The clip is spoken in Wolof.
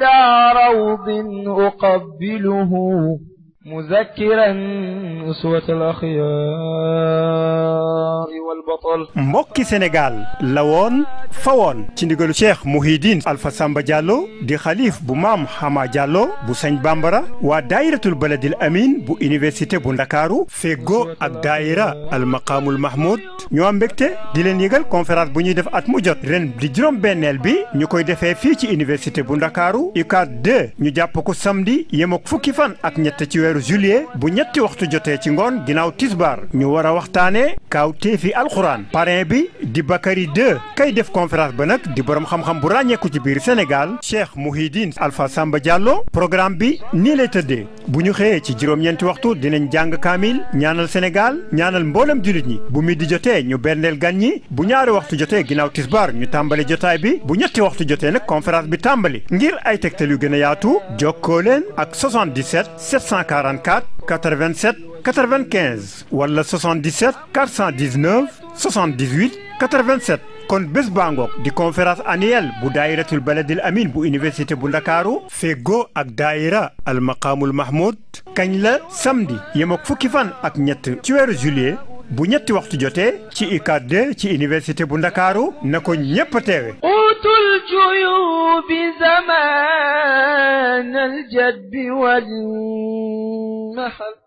بعد روض أقبله مذكرا أسوة الأخيار mbokki Sénégal la woon fa woon ci ndigalu Cheikh Mouhidine alfa sàmba Diallo di xalif bu maam Hama Diallo bu Sëñ Bambara waa daayiratul baladil amin bu université bu Ndakaaru feggoo ak daayira almaqaamul mahmoud ñoo mbégte di leen yëgal conférence bu ñuy def at mu jot ren di juróom-benneel bi ñu koy defee fii ci université bu Ndakaaru UCAD 2 ñu jàpp ko samedi yem fukki fan ak ñett ci weeru juillet bu ñetti waxtu jotee ci ngoon ginnaaw tisbaar ñu alxuraan parrain bi di Bakary 2 kay def conférence ba nag di boroom xam-xam bu ràññeeku ci biir Sénégal Cheikh Mouhidine Alpha Samba Diallo programme bi nii lay tëddee bu ñu xëyee ci juróom-ñeenti waxtu dinañ jàng kaamil ñaanal Sénégal ñaanal mboolem jullit ñi bu mi di jotee ñu benneel gan ñi bu ñaari waxtu jotee ginnaaw tisbaar ñu tàmbali jotaay bi bu ñetti waxtu jotee nag conférence bi tàmbali ngir ay tegtal yu gën a yaatu jokkoo leen ak 77 744 87 95 ولا 77 419 78 87 كون بس بانغوك دي كونفرنس انيال بو دائرة البلد الامين بو انيفرسيتي بو داكارو غو اك دائرة المقام المحمود كان لا سامدي يموك فوكي فان اك نيت تيوير جولي بو نيت وقت جوتي تي اكاد دي تي انيفرسيتي بو داكارو نكو نيب تيوي اوتو الجيوب زمان الجد والمحب